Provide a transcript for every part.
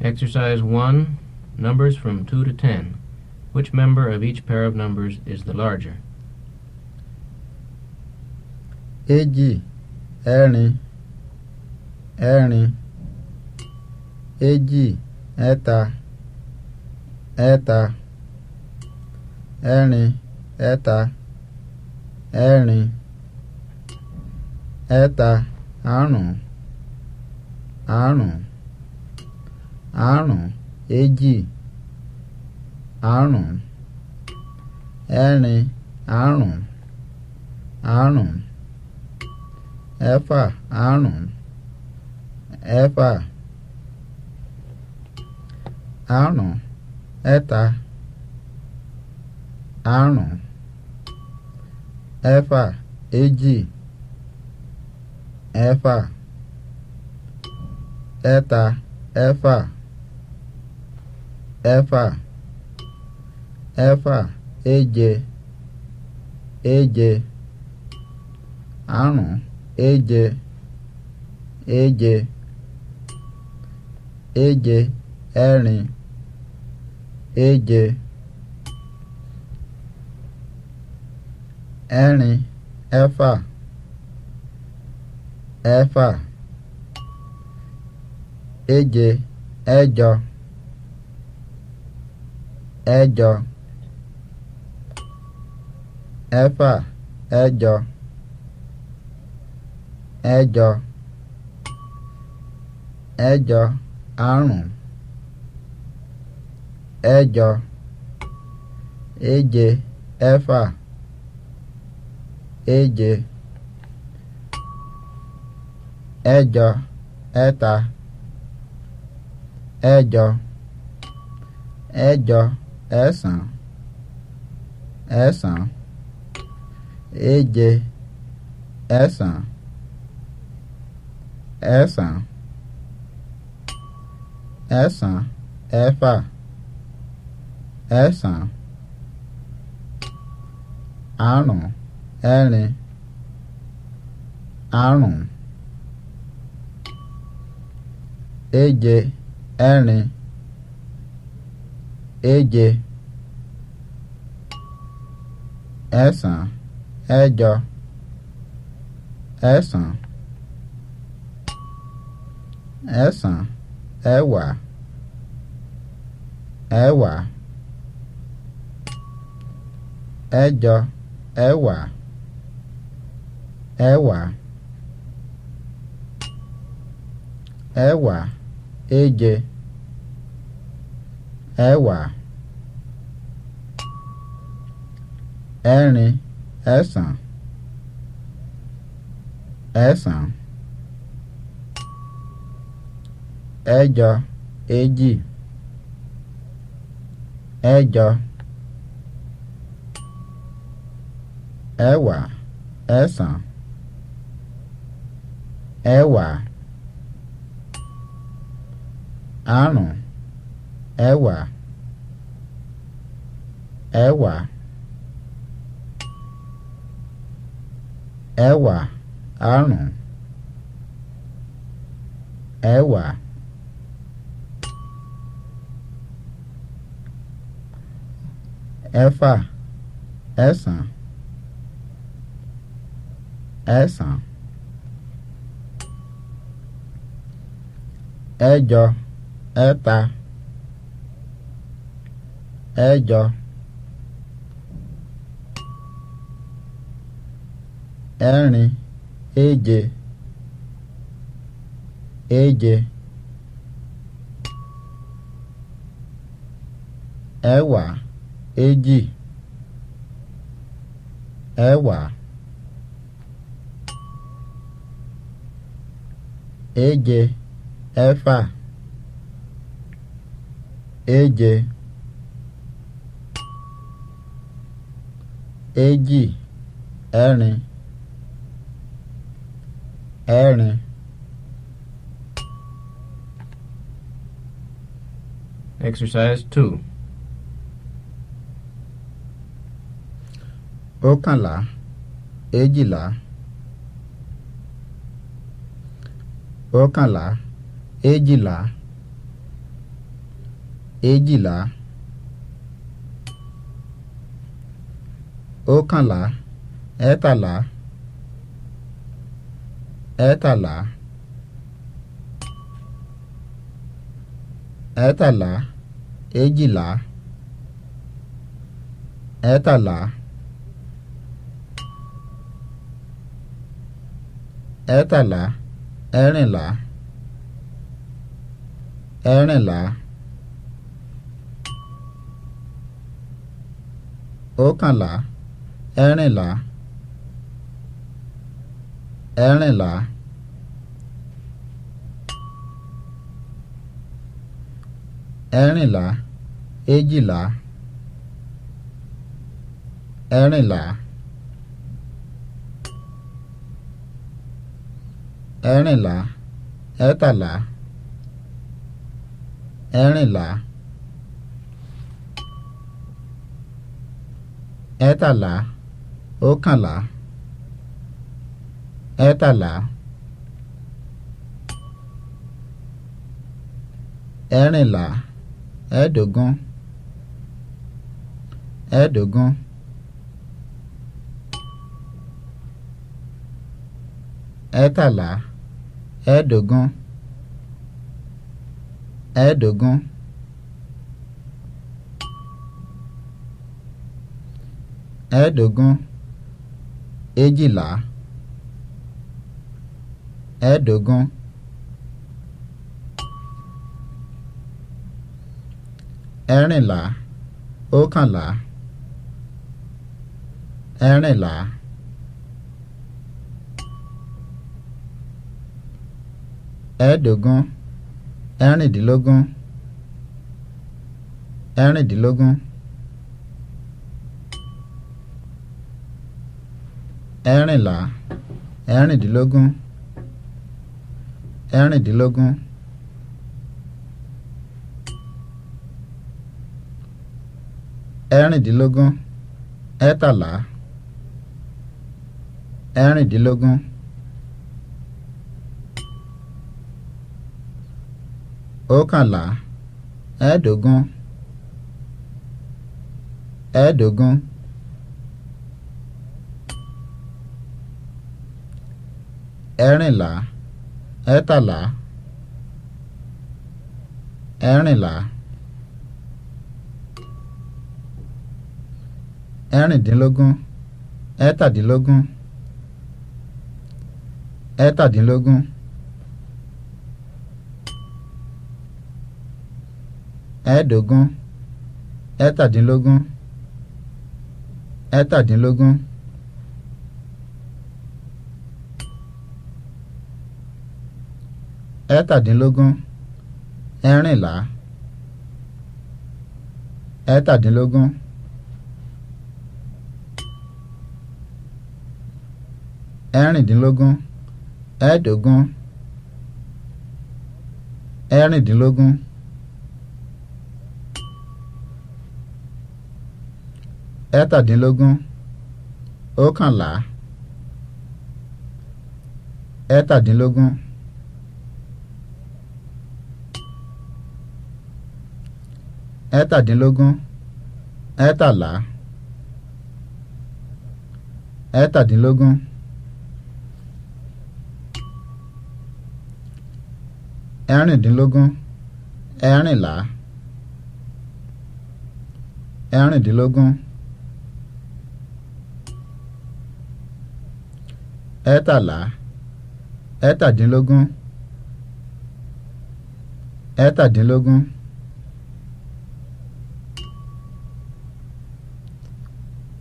Exercise 1, numbers from 2 to 10. Which member of each pair of numbers is the larger? A G, Ernie. Ernie. A G, ẹ̀ta ẹ̀ta Ernie, ẹ̀ta Ernie. ẹ̀ta àrún àrún. àrún eji Arun ẹ̀rin àrún àrún ẹ̀fà àrún ẹ̀fà àrún ẹ̀ta àrún ẹ̀fà eji ẹ̀fà Ẹta ẹ̀fà. ẹfà ẹfà èje èje àrún èje èje èje ẹ̀rin èje ẹ̀rin ẹfà ẹfà èje ẹ̀jọ. E ẹ̀jọ ẹ̀fà ẹ̀jọ ẹ̀jọ ẹ̀jọ àrún ẹ̀jọ èje ẹ̀fà èje ẹ̀jọ ẹ̀ta ẹ̀jọ ẹ̀jọ ẹ̀sán ẹ̀sán èje ẹ̀sán ẹ̀sán ẹ̀sán ẹ̀fà ẹ̀sán àrùn ẹ̀rin àrùn èje ẹ̀rin èje ẹ̀sán ẹ̀jọ ẹ̀sán ẹ̀sán ẹ̀wá ẹ̀wá ẹ̀jọ ẹ̀wá ẹ̀wá ẹ̀wá èje. ẹ̀wá Ẹrin Ẹsàn Ẹsàn Ẹjọ Ẹjì Ẹjọ Ẹwà Ẹsàn Ẹwà àrún. Ewa ewa ẹ̀wá àrún ẹ̀wá Ẹfa ẹ̀sán ẹ̀sán Ẹjọ Ẹta Ejọ: eri eje; eje; ewa eji; ewa eje; efa; eje; èjì ẹ̀rin ẹ̀rin. exercise two. ọ̀kànlá èjìlá ọ̀kànlá èjìlá èjìlá. ókànlá ẹẹ́tàlá ẹẹ́tàlá ẹẹ́tàlá èjìlá ẹẹ́tàlá ẹẹ́tàlá ẹ̀rìnlá ẹ̀rìnlá. ókànlá ẹ̀rìnlá ẹ̀rìnlá ẹ̀rìnlá èjìlá ẹ̀rìnlá ẹ̀rìnlá ẹ̀ẹ́tàlá ẹ̀rìnlá Etala ọ̀kànlá ẹ̀ẹ́tàlá ẹ̀ẹ́rìnlá ẹ̀ẹ́dógún ẹ̀ẹ́dógún ẹ̀ẹ́tàlá ẹ̀ẹ́dógún ẹ̀ẹ́dógún. ẹ̀ẹ́dógún èjìlá ẹ̀ẹ́dógún ẹ̀rìnlá ọ̀kànlá ẹ̀rìnlá ẹ̀ẹ́dógún ẹ̀rìndínlógún ẹ̀rìndínlógún. Ẹrìnlá Ẹrìndínlógún Ẹrìndínlógún Ẹrìndínlógún Ẹtàlá Ẹrìndínlógún ọ̀kànlá ẹ̀ẹ́dógún ẹ̀ẹ́dógún. ẹ̀rìnlá ẹ̀ẹ́tàlá ẹ̀rìnlá ẹ̀rìndínlógún ẹ̀ẹ́tàdínlógún ẹ̀ẹ́tàdínlógún. ẹ̀ẹ́dógún ẹ̀ẹ́tàdínlógún ẹ̀ẹ́tàdínlógún. ẹ́tàdínlógún ẹ́rìnlá ẹ́tàdínlógún. ẹ́rìndínlógún ẹ́ẹ̀dógún ẹ́rìndínlógún Ẹtàdínlógún ókànlá Ẹtàdínlógún! ẹ́tàdínlógún ẹ́tàlá ẹ́tàdínlógún ẹ́rìndínlógún ẹ́rìnlá ẹ́rìndínlógún ẹ́tàlá ẹ́tàdínlógún ẹ́tàdínlógún.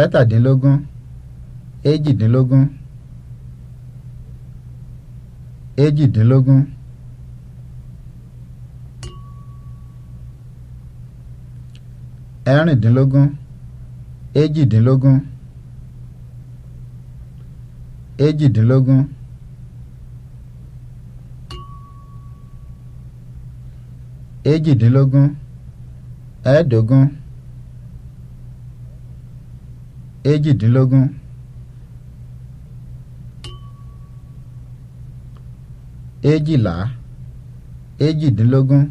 ẹ̀ẹ́tàdínlógún èjìdínlógún èjìdínlógún ẹ̀rìndínlógún èjìdínlógún èjìdínlógún èjìdínlógún ẹ̀ẹ́dógún èjìdínlógún èjìlá èjìdínlógún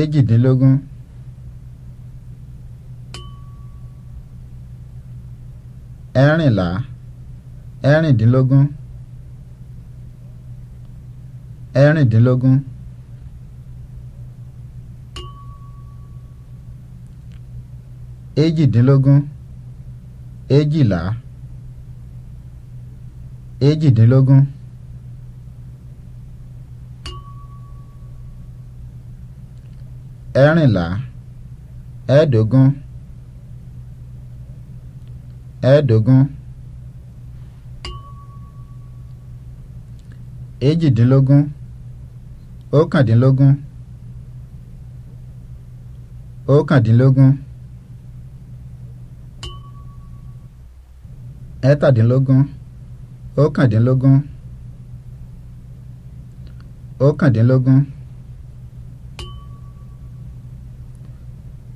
èjìdínlógún ẹ̀rìnlá ẹ̀rìndínlógún ẹ̀rìndínlógún. èjìdínlógún èjìlá èjìdínlógún. ẹ̀rìnlá ẹ̀ẹ́dógún ẹ̀ẹ́dógún èjìdínlógún ọ̀kàndínlógún ọ̀kàndínlógún. Eji ókàndínlógún ókàndínlógún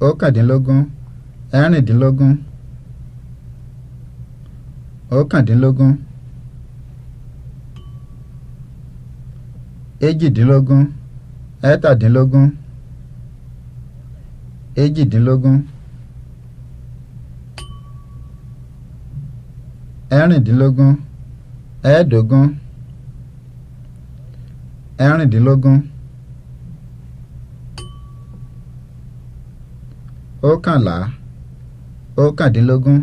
ókàndínlógún ẹ̀rìndínlógún ókàndínlógún Eji dị èjìdínlógún. ẹ̀rìndínlógún ẹ̀ẹ́dógún ẹ̀rìndínlógún ókànlá ókàndínlógún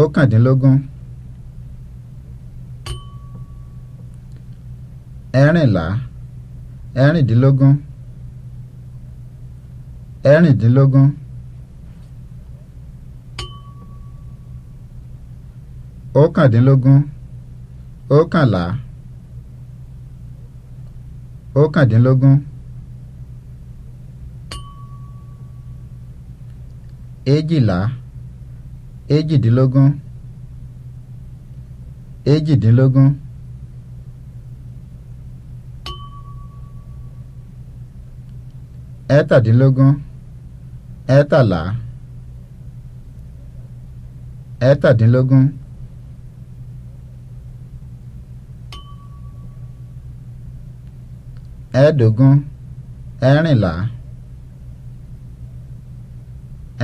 ókàndínlógún ẹ̀rìnlá ẹ̀rìndínlógún ẹ̀rìndínlógún. ọ̀kàndínlógún ọ̀kànlá ọ̀kàndínlógún èjìlá èjìdínlógún èjìdínlógún ẹ̀ẹ́tàdínlógún ẹ̀ẹ́tàlá ẹ̀ẹ́tàdínlógún. ẹ̀ẹ́dógún ẹ̀ẹ́rìnlá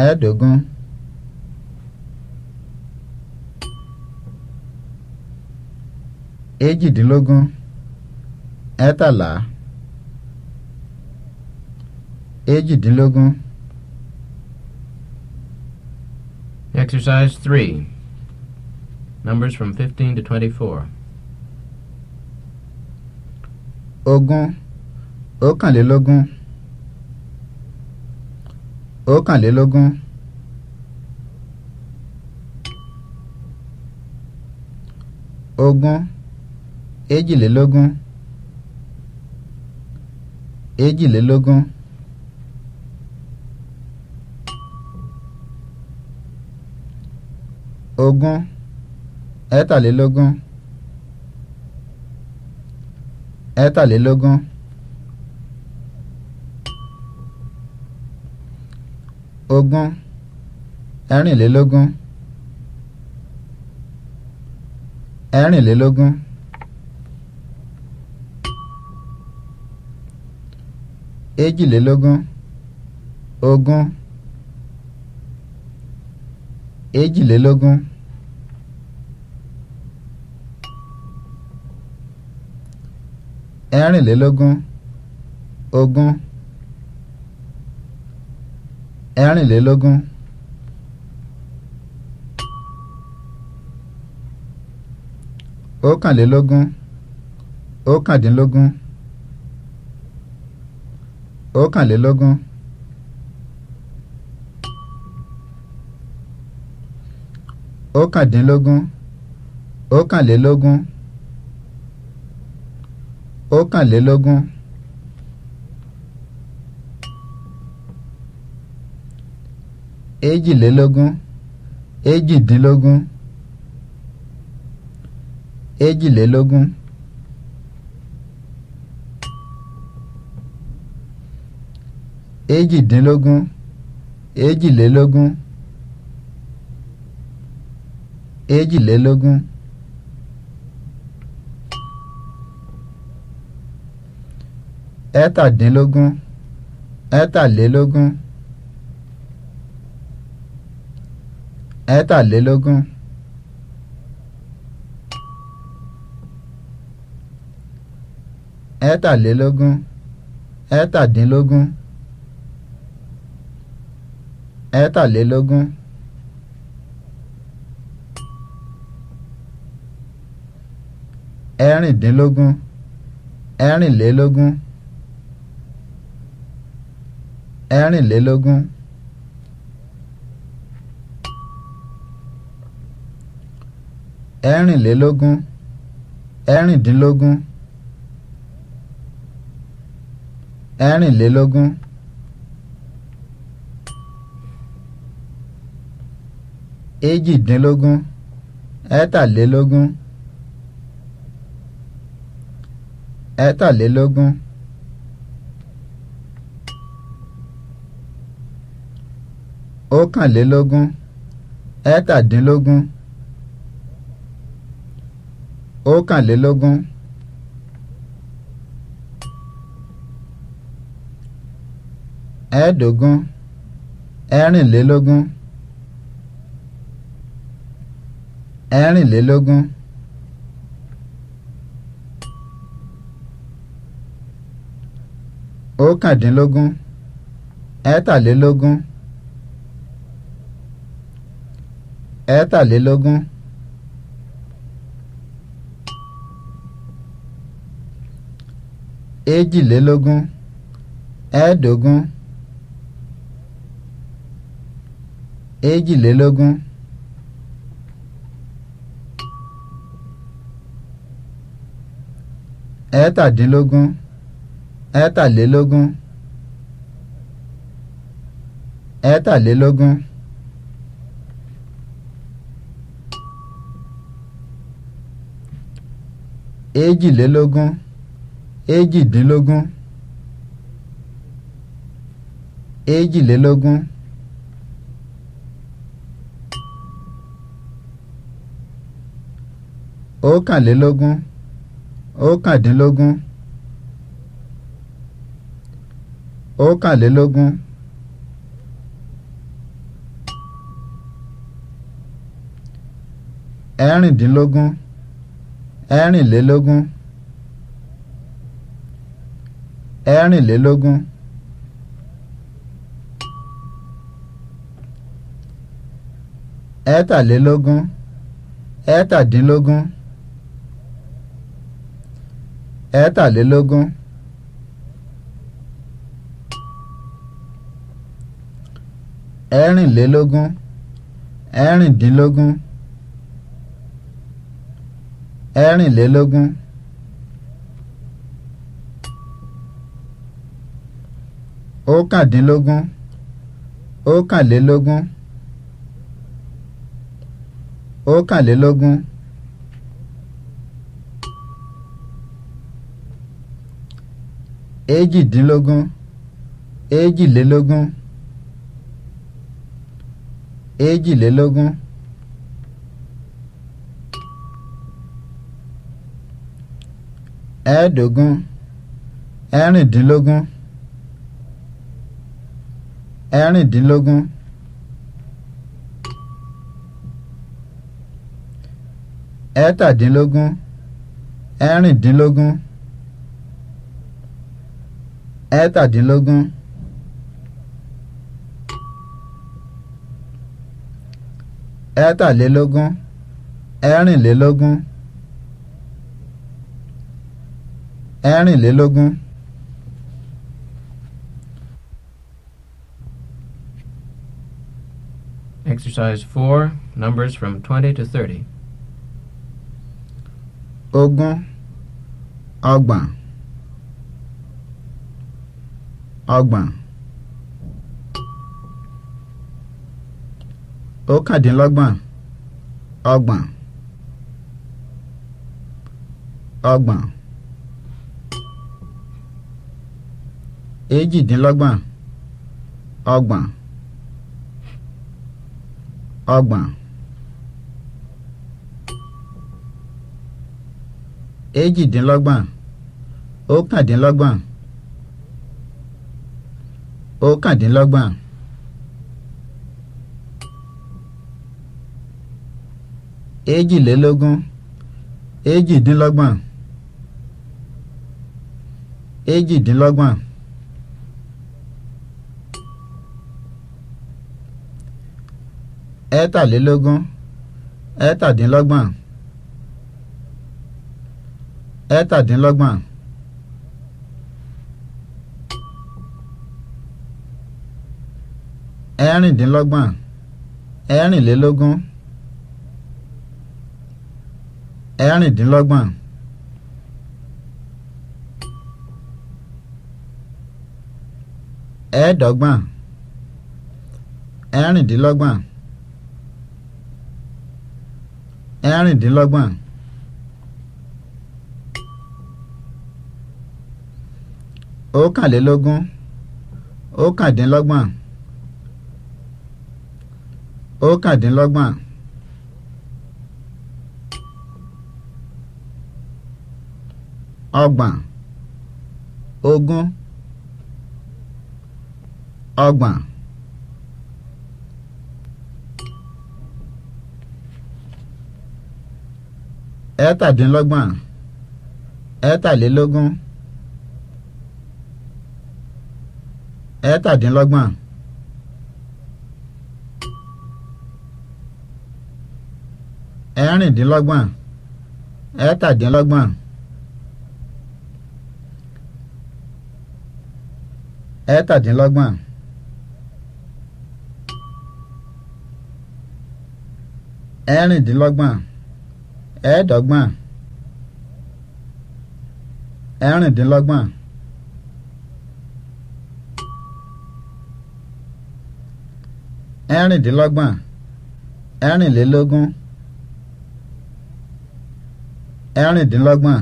ẹ̀ẹ́dógún. èjìdínlógún ẹ̀ẹ́tàlá èjìdínlógún. Exercise 3. Numbers from 15 to 24. ogún. ọ̀kànlélógún ọ̀kànlélógún ogún èjìlélógún èjìlélógún ogún ẹ̀tàlélógún ẹ̀tàlélógún. ogún ẹ̀rìnlélógún ẹ̀rìnlélógún èjìlélógún ogún èjìlélógún ẹ̀rìnlélógún ogún ẹ̀rìnlélógún. ọ̀kànlélógún ọ̀kàndínlógún ọ̀kànlélógún ọ̀kàndínlógún ọ̀kànlélógún ọ̀kànlélógún. èjìlélógún èjìdínlógún èjìlélógún. èjìdínlógún èjìlélógún èjìlélógún ẹ̀tàdínlógún ẹ̀tàlélógún. ẹ̀ẹ́tàlélógún ẹ̀ẹ́tàlélógún ẹ̀ẹ́tàdínlógún ẹ̀ẹ́tàlélógún ẹ̀rìndínlógún ẹ̀rìnlélógún ẹ̀rìnlélógún. Ẹrìnlélógún ẹ̀rìndínlógún Ẹrìnlélógún èjìdínlógún Ẹtàlélógún Ẹtàlélógún ọ̀kànlélógún ẹ̀tàdínlógún. ọ̀kànlélógún ẹ̀ẹ́dógún ẹ̀rìnlélógún ẹ̀rìnlélógún ọ̀kàndínlógún ẹ̀ẹ́tàlélógún ẹ̀ẹ́tàlélógún. èjìlélógún ẹ̀ẹ́dógún èjìlélógún ẹ̀ẹ́tàdínlógún ẹ̀ẹ́tàlélógún ẹ̀ẹ́tàlélógún. èjìlélógún èjìdínlógún èjìlélógún ọ̀kànlélógún ọ̀kàndínlógún ọ̀kànlélógún ẹ̀rìndínlógún ẹ̀rìnlélógún ẹ̀rìnlélógún ẹ̀ẹ́tàlélógún ẹ̀ẹ́tàdínlógún ẹ̀ẹ́tàlélógún ẹ̀rìnlélógún ẹ̀rìndínlógún ẹ̀rìnlélógún. ókàndínlógún ókànlélógún ókànlélógún èjìdínlógún èjìlélógún èjìlélógún ẹ̀ẹ́dógún ẹ̀rìndínlógún ẹ̀rìndínlógún ẹ̀ẹ́tàdínlógún ẹ̀rìndínlógún ẹ̀ẹ́tàdínlógún ẹ̀ẹ́tàlélógún ẹ̀rìnlélógún ẹ̀rìnlélógún. Exercise 4, numbers from 20 to 30. Ogún, ọgbọ̀n, ọgbọ̀n, ọ̀kàndínlọ́gbọ̀n, ọgbọ̀n, ọgbọ̀n, èjìdínlọ́gbọ̀n, ọgbọ̀n. ọgbọ̀n. ọgba èjìdínlọ́gbọ̀n ọ̀kàndínlọ́gbọ̀n ọ̀kàndínlọ́gbọ̀n èjìlélógún èjìdínlọ́gbọ̀n èjìdínlọ́gbọ̀n. ẹ̀ẹ́tàlélógún ẹ̀ẹ́tàdínlọ́gbọ̀n ẹ̀ẹ́tàdínlọ́gbọ̀n. ẹ̀rìndínlọ́gbọ̀n ẹ̀rìnlélógún ẹ̀rìndínlọ́gbọ̀n. ẹ̀ẹ́dọ́gbọ̀n ẹ̀rìndínlọ́gbọ̀n. ẹ̀rìndínlọ́gbọ̀n ọ̀kànlélógún ọ̀kàndínlọ́gbọ̀n ọ̀kàndínlọ́gbọ̀n ọgbọ̀n ogún ọgbọ̀n. ẹ̀ẹ́tàdínlọ́gbọ̀n ẹ̀ẹ́tàlélógún ẹ̀ẹ́tàdínlọ́gbọ̀n. ẹ̀ẹ́rìndínlọ́gbọ̀n ẹ̀ẹ́tàdínlọ́gbọ̀n ẹ̀ẹ́tàdínlọ́gbọ̀n ẹ̀ẹ́rìndínlọ́gbọ̀n. ẹ̀ẹ́dọ́gbọ̀n ẹ̀rìndínlọ́gbọ̀n ẹ̀rìndínlọ́gbọ̀n ẹ̀rìnlélógún ẹ̀rìndínlọ́gbọ̀n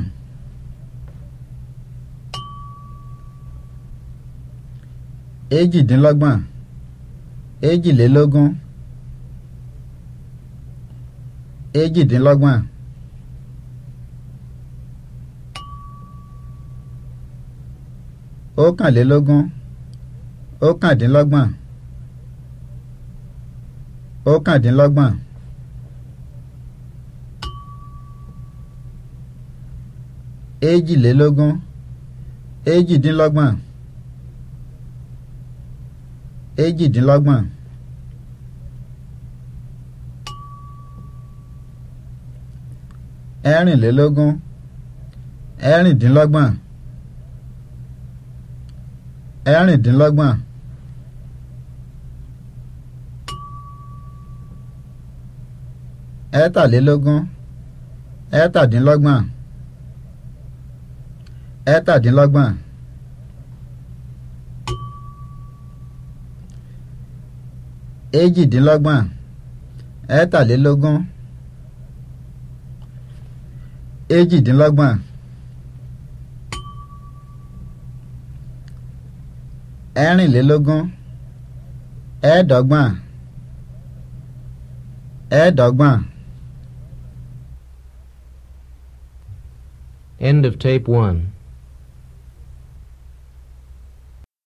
èjìdínlọ́gbọ̀n èjìlélógún èjìdínlọ́gbọ̀n. ọ̀kànlélógún ọ̀kàndínlọ́gbọ̀n ọ̀kàndínlọ́gbọ̀n. èjìlélógún èjìdínlọ́gbọ̀n èjìdínlọ́gbọ̀n. ẹ̀rìnlélógún ẹ̀rìndínlọ́gbọ̀n. ẹ̀rìndínlọ́gbọ̀n. ẹ̀ẹ́tàlélógún ẹ̀ẹ́tàdínlọ́gbọ̀n ẹ̀ẹ́tàdínlọ́gbọ̀n. èjìdínlọ́gbọ̀n ẹ̀ẹ́tàlélógún èjìdínlọ́gbọ̀n. ẹ̀rìnlélógún ẹ̀ẹ́dọ́gbọ̀n ẹ̀ẹ́dọ́gbọ̀n. End of tape one.